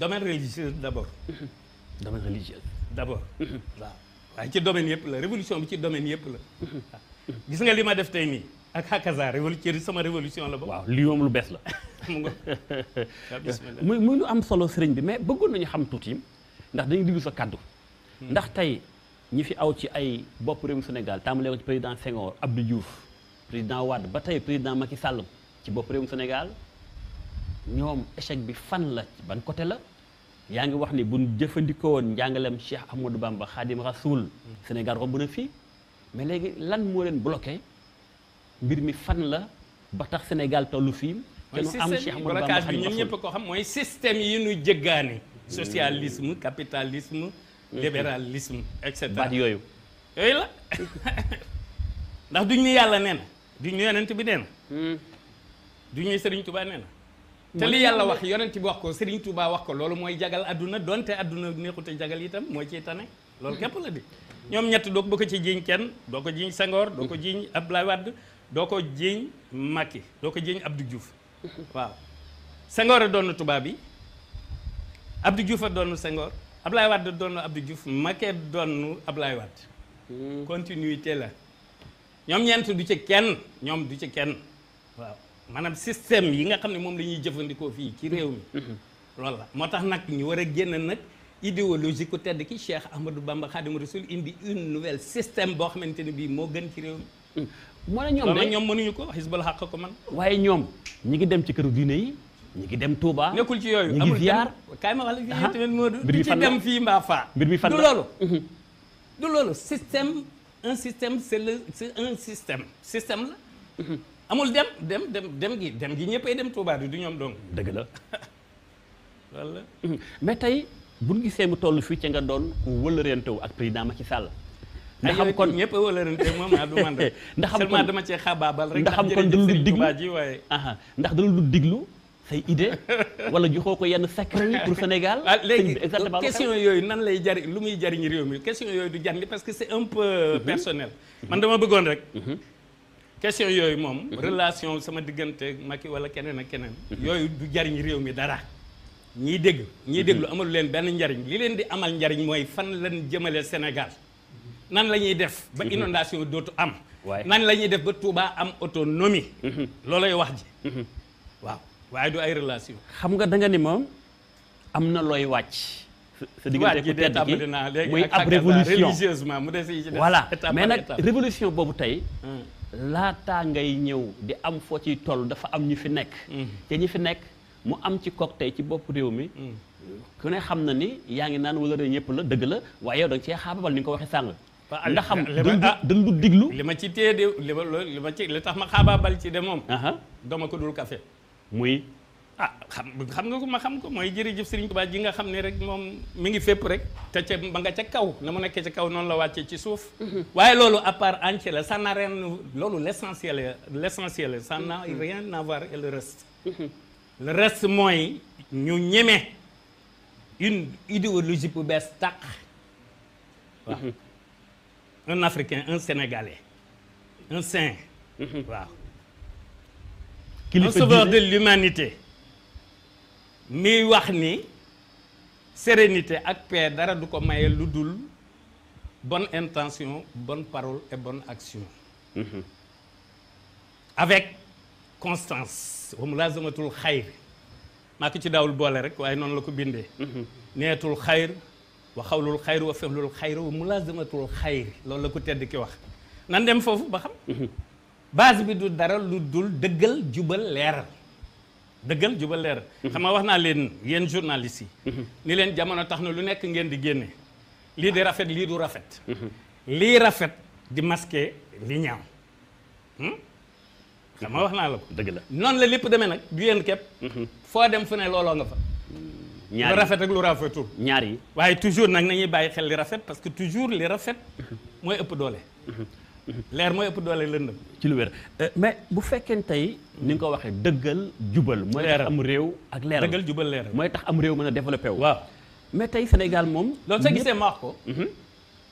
domaine religieux d' abord. domaine religieux. d' abord. waaw waaye ci domaine yëpp la révolution bi ci domaine yëpp la. gis nga li ma def tey nii ak Hakaza révolution sama révolution la ba. waaw li moom lu bees la. muy muy lu am solo sëriñ bi mais bëggoon nañu xam tuuti ndax dañu diglu sa kàddu. Hmm. ndax tey ñi fi aw ci ay bopp réewum Sénégal tàmbalee ko ci président Senghor Abdou Diouf président Wade ba tey président Macky Sall ci bopp réewum Sénégal. ñoom échec bi fan la ban côté la yaa ngi wax ni bu buñ jëfandikoo woon njàngaleem du Ahmadou Bamba Khadim Rasoul Sénégal bu na fii mais léegi lan moo leen bloqué mbir mi fan la ba tax Sénégal tollu fii te nu am Cheikh Ahmadou Bamba Khadim Rasoul ñëpp ko xam mooy système yi ñu jëggaani mm. socialisme capitalisme mm. libéralisme et cetera baat yooyu yooyu la ndax duñ ñu yàlla nee na duñ ñu yonent bi nee na mm. duñ ñu Sëriñ Tuubaa te li yàlla wax yonent bi wax ko Serigne Touba wax ko loolu mooy jagal adduna donte adduna neexute jagal itam moo ciy tane loolu mm-hmm. képp la di ñoom ñett doo ko ci jiiñ kenn doo ko jiiñ Senghor doo ko mm-hmm. jiiñ Abdoulaye doo ko jiiñ doo ko jiiñ Abdou Diouf mm-hmm. waaw Senghor a tubaab bi Abdou Diouf a doon Senghor doon Abdou Diouf Macky doon Abdoulaye Wade continuité la ñoom ñeent du ci kenn ñoom du ci kenn waaw maanaam système yi nga xam ne moom la ñuy jëfandikoo fii ci réew mi mm-hmm. loolu moo tax nag ñu war a génn nag idéologie ku tedd ki Cheikh Ahmadou Bamba Khadim Rasoul indi une nouvelle système boo xamante ne bii moo gën ci réew mi mm-hmm. moo ne ñoom mënuñu ko Hizbul Haqq ko man waaye ñoom ñi ngi dem ci këru diine yi ñi ngi dem Touba nekkul ci yooyu ñi ngi ziar kaay ma wax la fii tamit moo du ci dem fii mbaa faa mbir mi fan du loolu mm-hmm. du loolu système un système c'est le un système système la amul dem dem dem dem gi dem gi ñëppay dem Touba du ñoom donc dëgg la walla mhm. mais tey bu ñu gisee mu toll fii ci nga doon ku wëlërante wu ak président Macky Sall. ndax xam kon ñëpp a wëlërante moom a ah, du man de. ndax xam dama cee xaabaabal rek. ndax xam kon dañu lu diglu ndax dañu lu diglu say idée wala joxoo ko yenn secret yi pour Sénégal. Ah, léegi question yooyu nan lay jariñ lu muy jariñ réew mi question yooyu du jar parce que c'est un peu mhm. personnel. man dama bëggoon rek. Mhm. question yooyu moom. relation sama diggante Macky wala keneen ak keneen. yooyu du jariñ réew mi dara. ñiy dégg ñiy déglu amalu leen benn njariñ li leen di amal njariñ mooy fan lañ jëmale Sénégal nan la ñuy def. ba mhm. inondation dootu am. nan la ñuy def ba Touba am autonomie. Mhm. loolay wax ji. Mhm. waaw waaye du ay relation xam nga da nga ni ma am na looy wàcc. sa diggante ku tedd ki muy ab révolution religieusement mu des yi ci voilà mais nag révolution boobu tey. Hmm. laataa ngay ñëw di am foo ciy toll dafa am ñu fi nekk. Mm. te ñi fi nekk mu am ci kook tey ci boppu réew mi. Mm. ku ne xam na ni yaa ngi naan wala rëy yëpp la dëgg la waaye yow da nga cee ni nga ko waxee sàng ndax xam dañ ah, du diglu li ma ci téye de li ma li ma ci li tax ma xaabaabal ci de moom. dama ko dul kafe muy. ah xam xam nga ko ma xam ko mooy jërëjëf Serigne Touba ji nga xam ne rek moom mi ngi fépp rek te ca ba nga ca kaw na mu nekkee ca kaw noonu la wàccee ci suuf mhm. waaye loolu à part la ça n'a rien loolu l'essentiel l'essentiel ça n'a mhm. rien à le reste mhm. le reste mooy ñu ñeme une idéologie bu bees tàq waaw un africain un sénégalais un saint waaw un sauveur de l'humanité muy wax ni sérénité ak paix dara du ko maye lu dul bon intention bonne parole et bonne action mhm. avec constance laa mulazamatul xayr maa ko ci daawul boole rek waaye noonu la ko bindee mhm. neetul xayr wa xawlul xayr wa fexlul xayr wa mulazamatul xayr loolu la ko tedd ki wax nan dem foofu ba xam mhm. base bi du dara lu dul dëggal jubal leeral dëggal jubal leer xam nga wax naa leen yéen journalistes yi mhm. ni leen jamono tax na lu nekk ngeen di génne ah. lii di rafet lii du rafet mhm. lii rafet di maske li ñaaw hmm? xam nga wax naa la ko dëgg la noonu la lépp demee nag du yéen képp mhm. foo dem fu ne looloo nga fa ñaar lu rafet ak lu rafetul ñaar yi waaye toujours nag nañuy bàyyi xel li rafet parce que toujours li rafet mooy ëpp doole leer mooy ëpp doole lëndëm ci lu wér euh, mais bu fekkee tey ni nga ko waxee dëggal jubal mooy tax am réew ak leeral dëggal jubal leer mooy tax am réew mën a développé wu waaw mais tey Sénégal moom loolu sa gisee maax ko mhm.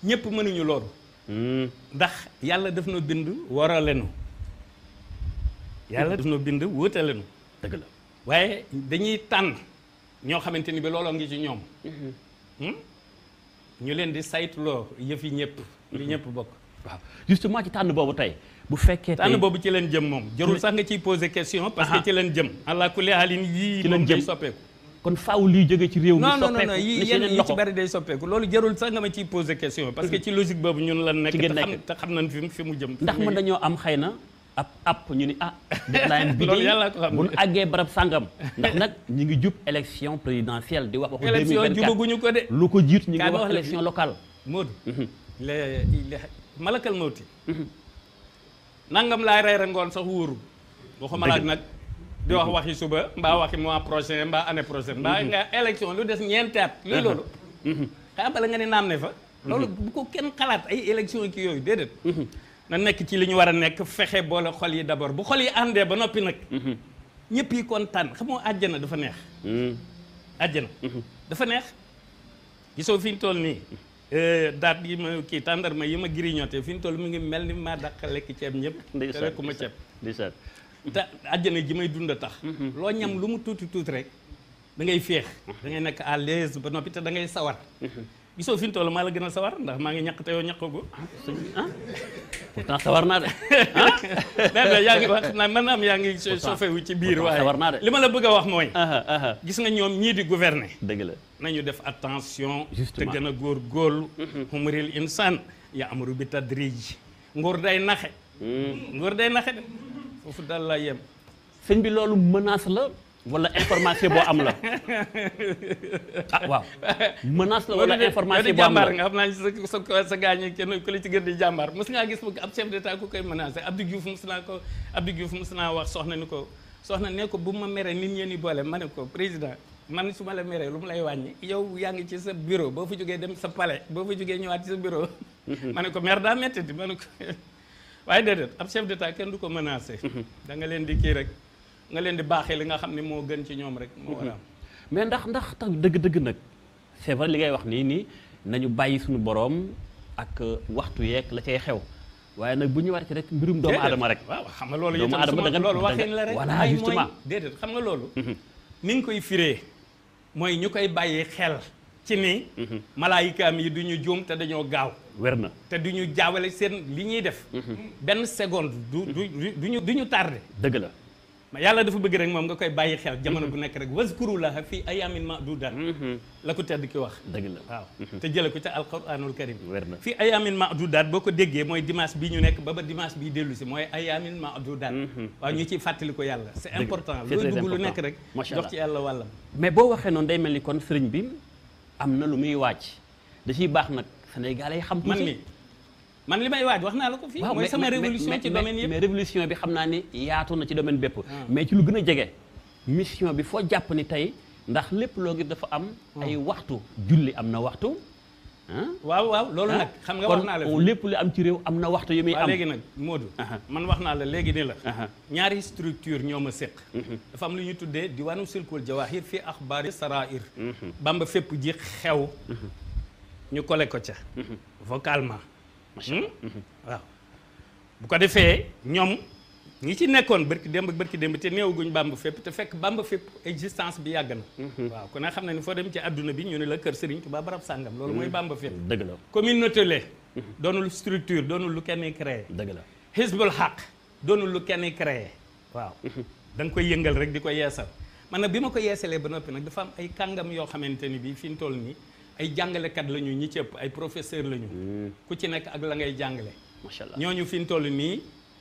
ñëpp mënuñu loolu hmm. ndax yàlla daf na bind waralenu yàlla daf na bind wóotalenu dëgg la waaye dañuy tànn ñoo xamante ni bi looloo ngi ci ñoom mhm. hmm? ñu leen di saytuloo yëf yi ñëpp li ñëpp bokk waaw justement ci tànn boobu tey bu fekkee tànn boobu ci leen jëm moom jarul sax nga ciy poser question parce que ci leen jëm àla kulli haalin yii ci leen jëm soppeeku kon faaw liy jóge ci réew mi soppeeku non ci bari day soppeeku loolu jarul sax nga ma ciy poser question parce que ci logique boobu ñun lan nekk te xam nañ fi fi mu jëm ndax mën dañoo am xëy na ab app ñu ni ah bi loolu yàlla ko xam ne bu ñu àggee barab sàngam ndax nag ñu ngi jub élection présidentielle di wax waxu 2024 élection jubaguñu ko de lu ko jiitu ñu ngi wax élection locale malakal mawti mhm. nangam laa reere ngoon sax wóoru waxuma laaj nag di wax mhm. waxi suba mbaa waxi mois prochain mbaa ane prochaine mbaa mhm. nga élection lu des ñeenti at luy loolu xaa bala nga ne naam ne fa loolu bu ko kenn xalaat ay élection ki yooyu déedéet na nekk ci li ñu war a nekk fexe boole xol yi d'abord bu xol yi àndee ba noppi nag ñëpp yi kontaan xamoo àjjana dafa neex àjjana dafa neex gisoo fi ñu nii Euh, daat yi ma kii tàndarma yi ma grignoté fi mu toll mi ngi mel ni maa dàq lekk ceeb ñëpp te lekkuma ceeb ndeysaan te àjjana ji may dund a tax mm-hmm. loo ñam lu mu tuuti tuuti rek da ngay féex da ngay nekk à l'aise ba noppi te da ngay sawar mm-hmm. gisoo fi mu toll maa la a sawar ndax maa ngi ñàkk te yow ñàkkoogu ah, ah. pourtant sawar naa de ah. yaa ngi wax naa mën am yaa ngi sofewu ci biir waaye sawar naa de li ma la bëgg a wax mooy. gis nga ñoom ñii di gouverner. dëgg la nañu def attention. te gën a góorgóorlu. humril insan am amru bi tadrij nguur day naxe. Mm. nguur day naxe de foofu daal laa yem. sëñ bi loolu menace la. wala information boo am la ah waaw menace la wala information boo am la nga xam naa sa sa sa gaañee kenn ku la ci gën di jàmbaar mos ngaa gis ab chef d'état ku koy menacé Abdou Diouf mos naa ko Abdou Diouf naa wax soxna ni ko soxna ne ko bu ma mere nit ñeen i boole ma ne ko président man su ma la meree lu mu lay wàññi yow yaa ngi ci sa bureau boo fa jógee dem sa pale boo fa jógee ñëwaat ci sa bureau mhm. ma ne ko mer daa metti di ma ne ko waaye déedéet ab chef d'état kenn du ko menacé mhm. da nga leen di kii rek nga leen di baaxee li nga xam ne moo gën ci ñoom rek. moo war a mais ndax ndax tax dëgg-dëgg nag c'est li ngay wax nii nii nañu bàyyi suñu boroom ak waxtu yeeg la cay xew. waaye nag bu ñu war ci rek mbirum doomu aadama rek. waaw xam nga loolu itam su ma loolu waxin la rek. voilà justement déedéet xam nga loolu. Mhm. ni nga koy firee mooy ñu koy bàyyi xel. ci ni. Mhm. malaayikaam yi du ñu juum te dañoo gaaw. wer na te du ñu jaawale seen li ñuy def. Mhm. benn seconde du du du ñu ñu tardé. dëgg la. mais yàlla dafa bëgg rek moom nga koy bàyyi xel jamono mm-hmm. bu nekk rek wazkurullaha fi ayamin madudat mm-hmm. la ko tedd ki wax dëgg la waaw mm-hmm. te jële ko ca alquranul karim fi ayamin madudat boo ko déggee mooy dimanche bi ñu nekk ba ba dimanche bi dellu si mooy ayamin madudat waaw ñu ciy fàttali ko yàlla c'est important looy dugg lu nekk rek jox ci yàlla wàllam mais boo waxee noonu day mel ni kon sëriñ bi am na lu muy wàcc da ci baax nag Sénégalais xam tuuti man mi man li may waaj wax naa la ko fii mooy sama révolution ci domaine yëpp mais bi xam naa ni yaatu na ci domaine bépp ah. mais ci lu gën a jege mission bi foo jàpp ni tey ndax lépp loo gis dafa am ah. ay waxtu julli am na waxtu ah. waaw waaw loolu nag xam nga wax naa la kon lépp lu am ci réew am na waxtu yu am léegi nag Modou man wax naa la léegi ni la ñaari structure ñoo ma séq mm-hmm. dafa am lu ñu tuddee diwaanu silkul jawahir fii axbaari sarair mm-hmm. bamba fépp ji xew mm-hmm. ñu kole ko ca vocalement macha allah hmm? mhm. waaw bu ko defee ñoom ñi ci nekkoon bërki démb bërki démb te néewaguñ bamba fépp te fekk bamba fépp existence bi yàgg na mhm. waaw ku ne xam ne ni foo dem ci àdduna bi ñu ne la kër Serigne Touba barab sàngam loolu mooy mhm. bamba fépp dëgg la communauté la doonul structure doonul lu kenn créé dëgg la Hizbul Haq doonul lu kenn créé waaw danga koy yëngal rek di ko yeesal man nag bi ma ko yeesalee ba noppi nag dafa am ay kàngam yoo xamante ni bii fii mu toll nii ay jàngalekat lañu ñi ci ëpp ay professeur lañu. Hmm. ku ci nekk ak la ngay jàngale. macha allah ñooñu fi ñu toll nii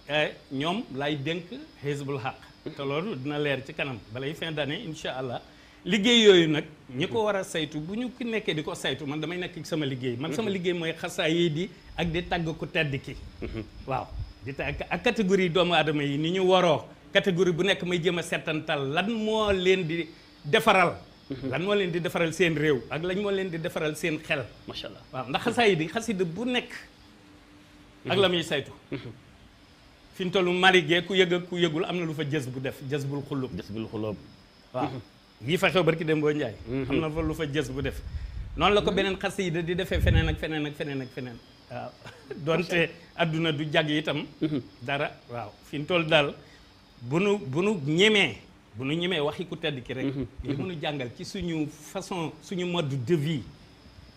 eh, ñoom lay dénk Hizbul Haq. te loolu dina leer ci kanam balay fin d'année incha allah. liggéey yooyu nag ñi ko war a saytu bu ñu ki nekkee di ko saytu man damay nekk sama liggéey man sama liggéey mooy xasaa yi di ak di tàgg ku tedd ki waaw di tàgg ak catégorie doomu aadama yi ni ñu waroo catégorie bu nekk may jéem a settantal lan moo leen di defaral lan moo leen di defaral seen réew ak lañ moo leen di defaral seen xel macha allah waaw ndax xasayidi xasida bu nekk ak la muy saytu fi mu toll marigee ku yëg ku yëgul am na lu fa jës bu def jës bul xulub jës bul xulub waaw lii fa xew barki dem boo njaay am na fa lu fa jës bu def noonu la ko beneen xasida di defee feneen ak feneen ak feneen ak feneen waaw donte adduna du jàgg itam dara waaw fi mu toll daal bu nu bu nu ñemee bu nu ñemee waxi ku tedd ki rek. li mu nu jàngal ci suñu façon suñu mode de vie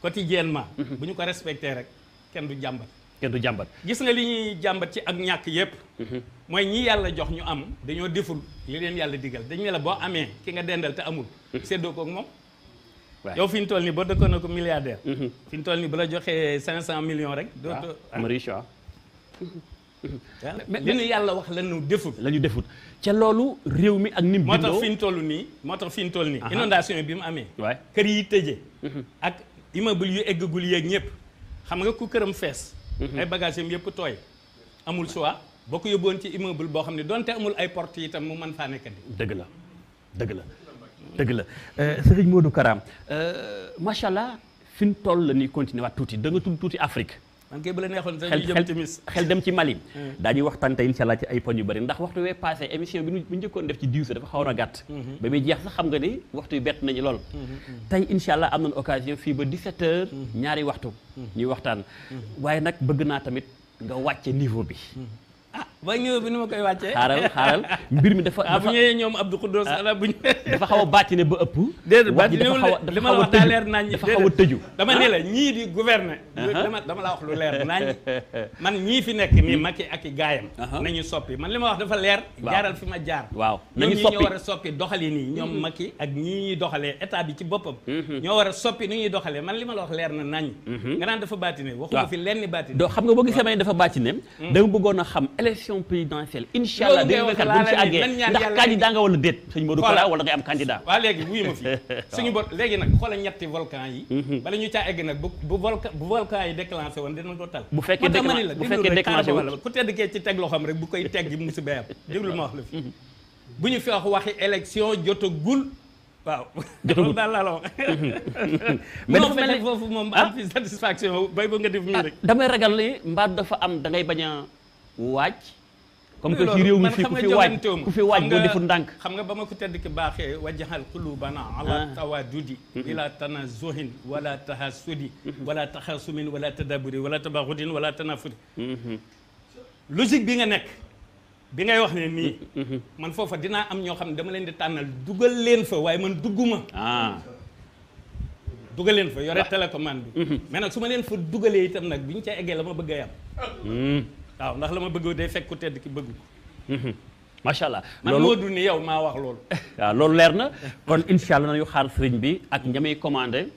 quotidiennement. Mhm. bu ñu ko respecté rek kenn du jàmbat. kenn du jàmbat gis nga li ñuy jàmbat ci ak ñàkk yépp mhm. mooy ñi yàlla jox ñu am dañoo deful li leen yàlla digal dañ ne la boo amee ki nga dendal te amul. Mhm. séddoo ko ak moom. yow fi ñu toll nii boo dëkkoon na ko milliardaire. fi ñu toll nii bu la joxee 500 millions rek. doo too am riche Ah. li yàlla wax la ñu defut la ñu defut ca loolu réew mi ak nim bindoo moo tax fi ñu toll nii moo tax fi ñu toll nii inondation bi mu amee waay kër yi tëje mhm. ak immeuble yu eggagul yeeg ñëpp xam nga ku këram fees mhm. ay bagages yam yëpp tooy amul choix boo ko yóbboon ci immeuble boo xam ne donte amul ay porte itam mu mën faa nekkati dëgg la dëgg la dëgg la euh, sëriñ Modou Karam euh, macha allah fi ñu toll la ñuy continuer tuuti da tuuti Afrique man kay bu la neexoon sax ñu jëm timis xel dem ci Mali hmm. daañuy waxtaan tey incha allah ci ay poñ yu bëri ndax waxtu wee passé émission bi ñu njëkkoon def ci diw dafa xawoon a gàtt hmm. ba muy jeex sax xam nga ni waxtu yu bett nañu lool hmm, tey incha allah am nañ occasion fii ba 17 heures ñaari waxtu ñuy waxtaan waaye nag bëgg naa tamit nga wàcce niveau bi ba ñëw bi ni ma koy wàccee. xaaral xaaral mbir mi dafa. dafa ah, bu ñëwee ñoom Abdou ah. dafa xaw a bàcc ne ba ëpp. déedéet bàcc ne li ma la wax dafa xaw a tëju. dama ne la ñii di gouverner. dama dama la wax lu leer nañ man ñii fi nekk nii mag Macky ak i gaayam. nañu soppi man li ma wax dafa leer. jaaral fi ma jaar. waaw nañu soppi ñoom ñi ñoo war a soppi doxali nii ñoom mag mm-hmm. Macky ak ñii ñuy doxalee état bi ci boppam. Mm-hmm. ñoo war a soppi ni ñuy doxale man li ma la wax leer na nañ mm-hmm. nga naan dafa bàcc ne waxuma fi lenn bàcc doo xam nga boo mm. a xam élection élection présidentielle incha allah dañu nekkat bu ñu ci àggee ndax candidat nga wala déet sëñ Modou Kara wala ngay am candidat waaw léegi wuyu ma fi suñu bot léegi nag xoola ñetti volcan yi mhm. bala ñu caa egg nag bu bu yi déclenché woon ko tal bu fekkee déclenché woon ku tedd kee ci teg loo xam rek bu koy teggi musiba yam déglu ma wax la fi mhm. bu ñu fi waxi élection jotagul waaw jotagul daal laa mhm. foofu moom ah? am fi satisfaction bay ba nga def nii ah, rek damay ragal ni mbaa dafa am da ngay bañ a waaj comme que ci réew mi fii ku fi waaj ku fi waaj boo defu ndànk xam nga ba ma ko tedd ki baaxee wajaxal qulubana ala ah. tawadudi mm-hmm. ila tanazuhin wala tahasudi mm-hmm. wala taxasumin wala tadaburi wala tabaxudin wala tanafuri mm-hmm. logique bi nga nekk bi ngay wax ne nii man foofa dinaa am ñoo xam ne dama leen di tànnal dugal leen fa waaye man dugguma ah. dugal leen fa yore télécommande bi mais nag su ma leen fa dugalee itam nag bi ñu ca eggee la ma bëgg a waaw ndax la ma bëggoo dee fekk ku tedd ki bëgg ko mhm. macha allah man moo du ni yow maa wax loolu waaw loolu leer na kon incha allah nañu xaar sëriñ bi ak ñamay commandé